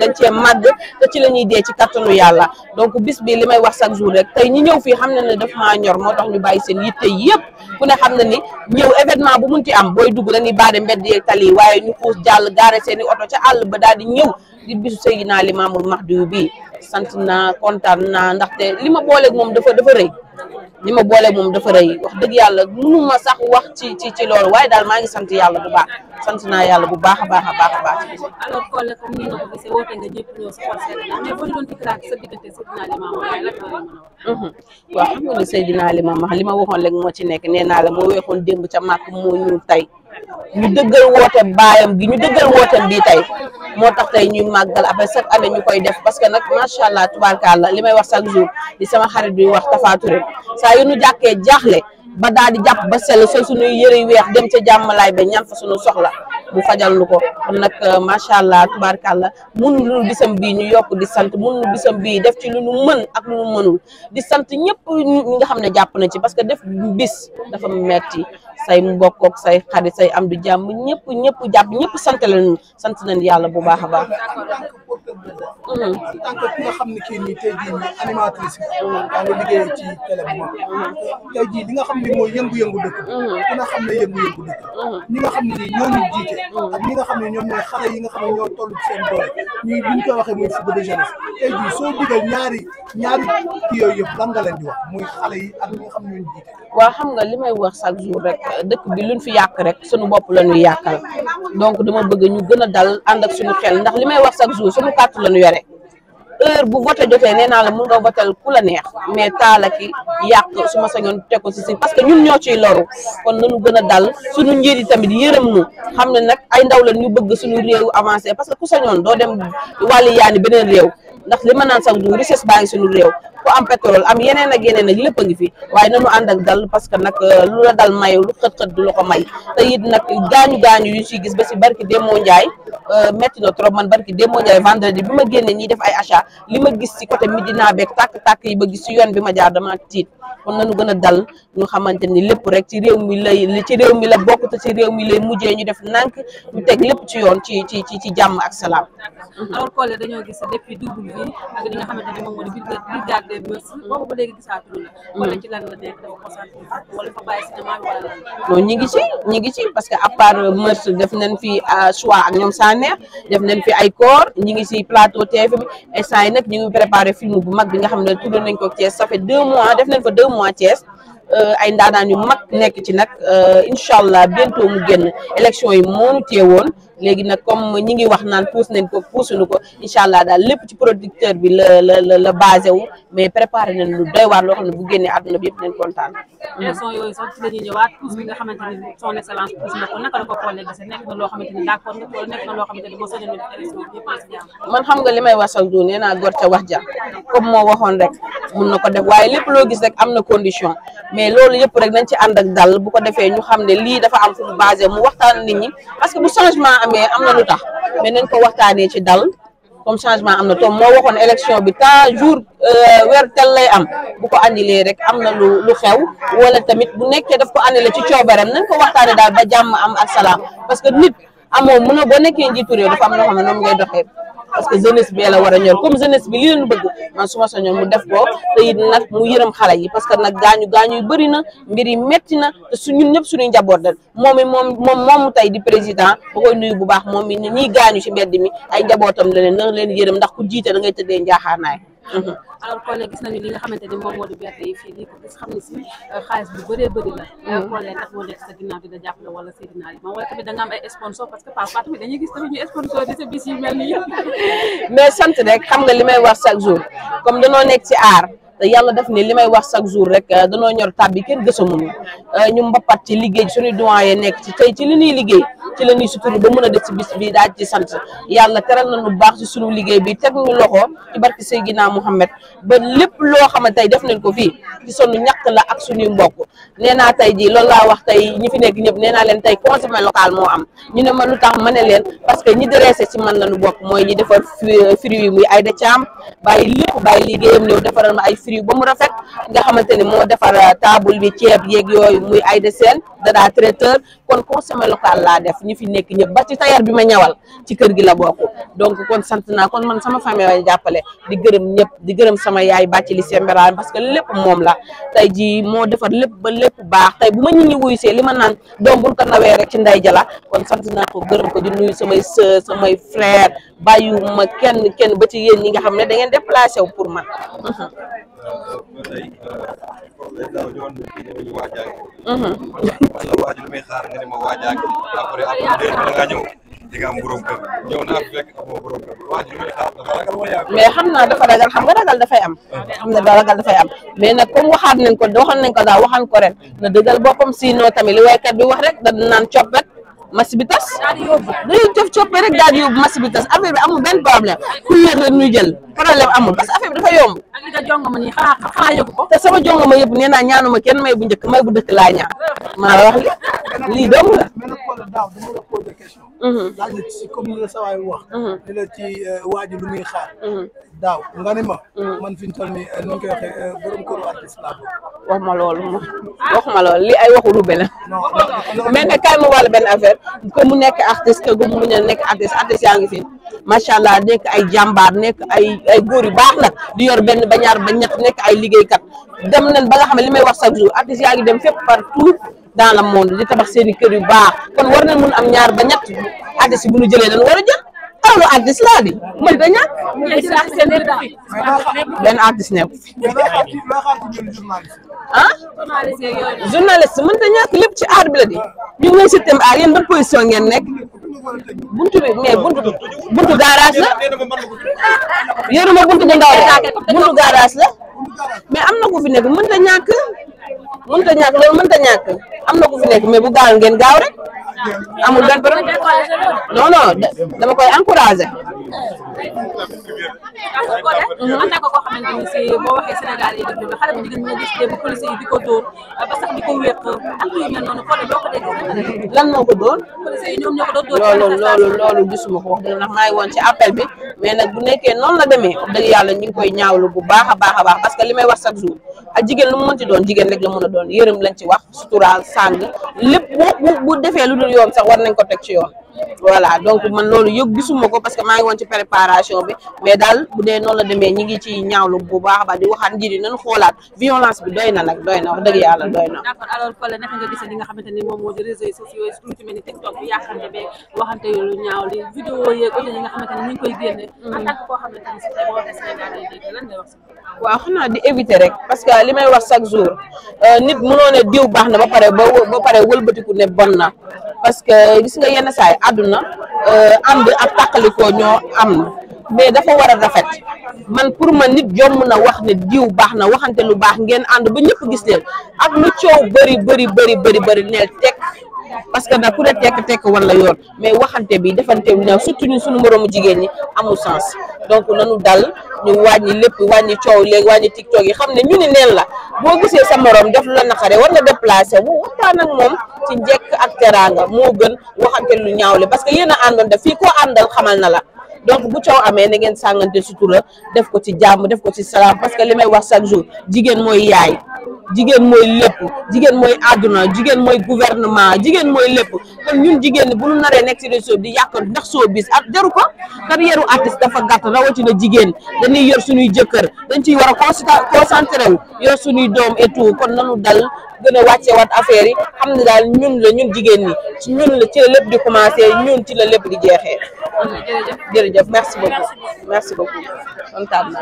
dañ cee màgg te ci la ñuy dee ci kattanu yàlla donc bis bi li may wax chaque jour rek tey ñi ñëw fii xam na ne daf maa ñor moo tax ñu bàyyi seen yitte yëpp ku ne xam na ni ñëw événement bu mun ci am booy dugg dañuy baade mbedd yeeg tali waaye ñu xuus jàll gaare seen oto ca àll ba daal di ñëw di bisu Seydina max Mahdi bi sant naa kontaan naa ndaxte li ma booleeg moom dafa dafa rëy li ma booleeg moom dafa rëy wax dëgg yàlla mënu ma sax wax ci ci ci loolu waaye daal maa ngi sant yàlla bu baax sant naa yàlla bu baax a baax a baax a baax. alors Collé comme ni nga ko a mhm. waaw xam nga ne Seydina Limamou li ma waxoon rek moo ci nekk nee naa la moo weexoon démb ca màkk moo ñu tey ñu dëggal woote baayam gi ñu dëggal wooteem bii tey moo tax tey ñuy màggal après chaque année ñu koy def parce que nag macha allah tubaarkalla li may wax chaque jour di sama xarit bi wax Tafa Touré saa yu nu jàkkee jaaxle. ba daal di jàpp ba sell sol suñuy yëre yu weex dem ca jàmmalaay ba ñaan fa suñu soxla bu fajal lu ko kon nag euh, macha allah tubaarkàlla mun lu bisam bii ñu yokk di sant mun lu bisam bii def ci lu nu mën ak lu nu mënul di sant ñëpp nga xam ne jàpp na ci parce que def bis dafa metti say mbokk ak say xarit say am du jàmm ñëpp ñëpp jàpp ñëpp sant leen sant nañ yàlla bu baax a baax. Mm-hmm. en tant ki nga xam ne kii nii mm-hmm. tey jii li nga xam ne mooy yëngu-yëngu dëkk mm-hmm. ku na xam ne yëngu nga xam ne ñoo ñu jiite nga xam ne ñoom mooy xale yi nga de jeunesse soo digal ñaari ñaari kii yooyu yëpp lan nga leen di wax muy xale yi ak ñi xam ne ñu jiite waaw xam nga li may wax chaque jour rek dëkk bi luñ fi yàq rek sunu bopp la ñuy yàqal donc dama bëgg ñu gën a dal ànd sunu suñu xel ndax li wax chaque jour suñu kat carte la nu yore heure bu voté jotee nee naa la mun nga votel ku la neex mais taala ki yàq su ma sañoon teg si si parce que ñun ñoo ciy loru kon nañu gën a dal suñu njiit yi tamit yërëm nu xam ne nag ay ndaw la ñu bëgg suñu réew avancé parce que ku sañoon doo dem wàlli yaani beneen réew ndax lima ma sax du richesse Ko suñu rew ku am pétrole am yenen ak yenen ak lépp ngi fi waye nañu and ak dal parce que nak euh, lu la dal may lu xet xet du lako may te it nag gañu yu ci gis ba si barki Demba Ndiaye euh, metti na trop man barki demo ndjay vendredi bima ma ñi def ay achat lima gis ci côté Medina bek tak tak yi ba gis ci yoon bima jaar dama tiit kon nañu gëna dal ñu xamanteni ni rek ci rew mi lay ci rew mi la bokku ci rew mi lay mujjé ñu def nank ñu tek lepp ci yoon ci ci ci jamm ak alors le dañu gis depuis double fii ak li nga xamante ne moom moo di brigade des hmm. ci lan ci parce que à part mœurs def nañ fi euh, choix ak ñoom Sanex def nañ fi ay corps ñi ngi ci plateau TFM bi instant yi nag ñu ngi préparé film bu mag bi nga xam ne tudd nañ ko Thiès ça fait deux mois def nañ fa deux mois Thiès euh, ay ndaanaan yu mag nekk ci nag euh, incha allah bientôt mu génn élection yi moo ñu woon léegi nag comme ñi ngi wax naan puus nañ ko puusuñu ko incha daal lépp ci producteur bi la la la la basé wu mais préparé nañ lu doy waar loo xam ne bu génnee àdduna bi yëpp nañ kontaan. élection mmh. yooyu nga xamante ni son excellence puus na ko naka la ko xoolee gis nekk na loo xamante ni d'accord nga wala nekk na loo man xam nga li may wax sax du nee naa gor ca wax ja comme moo waxoon rek mun na ko def waaye lépp loo gis rek am na condition mais loolu yëpp rek nañ ci ànd ak dal bu ko defee ñu xam ne lii dafa am fu mu basé mu waxtaan nit ñi parce que bu changement am mais am na lu tax mais nañ ko waxtaanee ci dal comme changement am na toom moo waxoon élection bi ta jour euh, weer tel lay am bu ko annulé rek am na lu lu xew wala tamit bu nekkee daf ko annulé ci coobareem nañ ko waxtaanee daal ba jàmm am ak salaam parce que nit amoo mën a boo nekkee njiitu réew dafa am loo xam ne noonu lay doxee parce que jeunesse bi la war a ñor comme jeunesse bi li leen bëgg man su ma sañoon mu def ko te it nag mu yërëm xale yi parce que nag gaañu gaañu yu bëri na mbir yi metti na te su ñun ñëpp suñuy njaboot dal moom mi moom moom moomu tey di président ba koy nuyu bu baax moom mi ne ñiy gaañu ci mbedd mi ay njabootam la leen na leen yërëm ndax ku jiite da ngay tëddee njaaxaanaay Euh, alors kon gis nañu li xamante ni moom moo euh, bu bëree bëri la. alors kon nag moo nekk wala sa ginnaaw yi moom ay sponsor parce que Paa tamit dañuy gis tamit ñu sponsor di sa mais sant rek xam nga li may wax chaque jour comme danoo nekk ci aar. te yàlla def ni li may wax chaque jour rek euh, danoo ñor tab bi kenn gësamuñu ñu mbapat ci liggéey su suñu doyen nekk ci tey ci li ñuy liggéey ci la ñuy suturu ba mën a def ci bis bi daal ci sant yàlla teral na lu baax ci sunu liggéey bi teg ñu loxo ci barki Seydina Mouhamed ba lépp loo xam ne tey def nañ ko fii ci sunu ñàkk la ak suñuy mbokk nee naa tey jii la laa wax tey ñi fi nekk ñëpp nee naa leen tey consommé local moo am ñu ne ma lu tax ma ne leen parce que ñi dressé ci man lañu bokk mooy ñi defar fruits yi muy ay da caam bàyyi lépp bàyyi liggéeyam ñëw defaral ma ay fruits ba mu rafet nga xamante ne moo defar table bi ceeb yeeg yooyu muy ay de seen dadaa traiteur kon consommé local laa def ñi fi nekk ñëpp ba ci tailleur bi ma ñawal ci kër gi la bokk donc kon sant naa kon man sama famille way jàppale di gërëm ñëpp di gërëm sama yaay bàcc li sembera parce que lépp moom la tey ji moo defar lépp ba lépp baax tey bu ma nit ñi wuyu see li ma naan doom bul ko nawee rek ci nday jala kon sant naa ko gërëm ko di nuyu samay sœur samay frère ma kenn kenn ba ci yéen ñi nga xam ne da ngeen déplacé wu pour man tey dañ la ñëwoon ñu naa fekk amoo borom kër waaj lu may xam naa dafa ragal xam nga ragal dafay am. xam ne da ragal dafay am mais nag comme waxaat nañ ko waxoon nañ ko daaw waxaan ko ren na dëggal boppam sinon tamit li waykat bi wax rek da naan coppet. match bi tas dañuy cof coppe rek daal di yóbbu bi tas affaire bi amul benn problème ku yéex rek ñuy jël problème amul parce que affaire dafa yomb te sama jongo ma yëpp nee naa ñaanuma kenn ma bu njëkk may bu dëkk laa ñaan maa la wax li lii dong mm-hmm. Mm-hmm. sa waay wax mm-hmm. ne ci euh, waaju lu muy xaar daaw nga ne ma. Mm. man fi ñu toll nii eh, nu ñu koy waxee eh, borom wax ma loolu wax ma loolu li ay waxu rubé la. mais nag kaay ma wàll benn affaire que mu nekk artiste que mu mun a nekk artiste artiste yaa ngi fi macha allah nekk ay jàmbaar nekk ay ay góor yu baax na di yor benn ba ñaar ba ñett nekk ay liggéey kat dem nañ ba nga xam li may wax chaque jour artiste yaa ngi dem fépp partout dans le monde di tabax seen i kër yu baax kon war nañ mun am ñaar ba ñett artiste bu nu jëlee dañ war a jël. loolu artiste laa di mën da ñàkk benn artiste nekk ah journaliste mën da ñàkk lépp ci aar bi di ñu ngi si thème aar yéen ban position ngeen nekk buntu bi mais buntu buntu garage la yoruma buntu bu ndaw la buntu garage la mais am na ku fi nekk mën da ñàkk mën da ñàkk loolu mën da ñàkk am na ku fi nekk mais bu gaaw ngeen gaaw rek amul benn problème non non dama na ko koo xamante ni di ko dóor ba ko wéq ak yu mel loolu loolu loolu gisuma ko wax dëgg ndax maa ngi woon ci appel bi mais nag bu nekkee noonu la demee wax dëgg yàlla ñu ngi koy ñaawlu bu baax a baax a baax parce que li may wax chaque jour ak jigéen lu mu mënti doon jigéen rek la mën a doon yërëm lañ ci wax suturaal sàng lépp bu bu defee lu dul yoon sax war nañ ko teg ci yoon voilà donc man loolu yëg gisuma ko parce que maa ngi woon ci préparation bi mais daal bu dee noonu la demee ñi ngi ci ñaawlu bu baax ba di waxaat njiit yi nañu xoolaat bi doy na nag doy na wax dëgg yàlla doy na. d'accord alors Collé li nga xamante ni moom moo di réseaux sociaux yi surtout ci mel ni TikTok bi yàqante beeg waxante yu lu ñaaw li vidéo yeeg audio nga xamante ni ñu ngi koy génne. Mm-hmm. en tant que koo di éviter rek parce que li may wax chaque jour euh, nit mënoo ne diw baax na ba pare ba ba wëlbatiku ne bon na parce que gis nga yenn saay àdduna euh, ànd ab tàqalikoo ñoo am mais dafa war a rafet man pour ma nit jom na wax ne diw baax na waxante lu baax ngeen ànd ba ñëpp gis leen ak lu coow bëri bëri bëri bëri bëri neel teg parce que nag ku ne tekk tekk war la yoon mais waxante bi defante bi nag surtout ñun suñu moroomu jigéen ñi amul sens donc nanu dal ñu wàññi lépp wàññi coow léegi wàññi tiktok yi xam ne ñu ne neen la boo gisee sa morom def la naqare war nga déplacé wu waxtaan moom ci njëkk ak teraanga moo gën waxante lu ñaawle parce que yéen a àndoon def fii koo àndal xamal na la donc bu coow amee na ngeen sàngante sutura def ko ci jàmm def ko ci salaam parce que li may wax chaque jour jigéen mooy yaay jigéen mooy lépp jigéen mooy àdduna jigéen mooy gouvernement jigéen mooy lépp kon ñun jigéen ñi bu ñu naree nekk ci réseau bi di yàq ndax soo bis ak jaru ko carrière artiste dafa gàtt na jigéen dañuy yor suñuy jëkkër dañ ciy war a concentré wu yor suñuy doom et kon nanu dal gën a wàcce waat affaire yi xam ne daal ñun la ñun jigéen ñi ci ñun la ci la lépp di commencé ñun ci la lépp di jeexee jërëjëf merci beaucoup merci beaucoup kontaan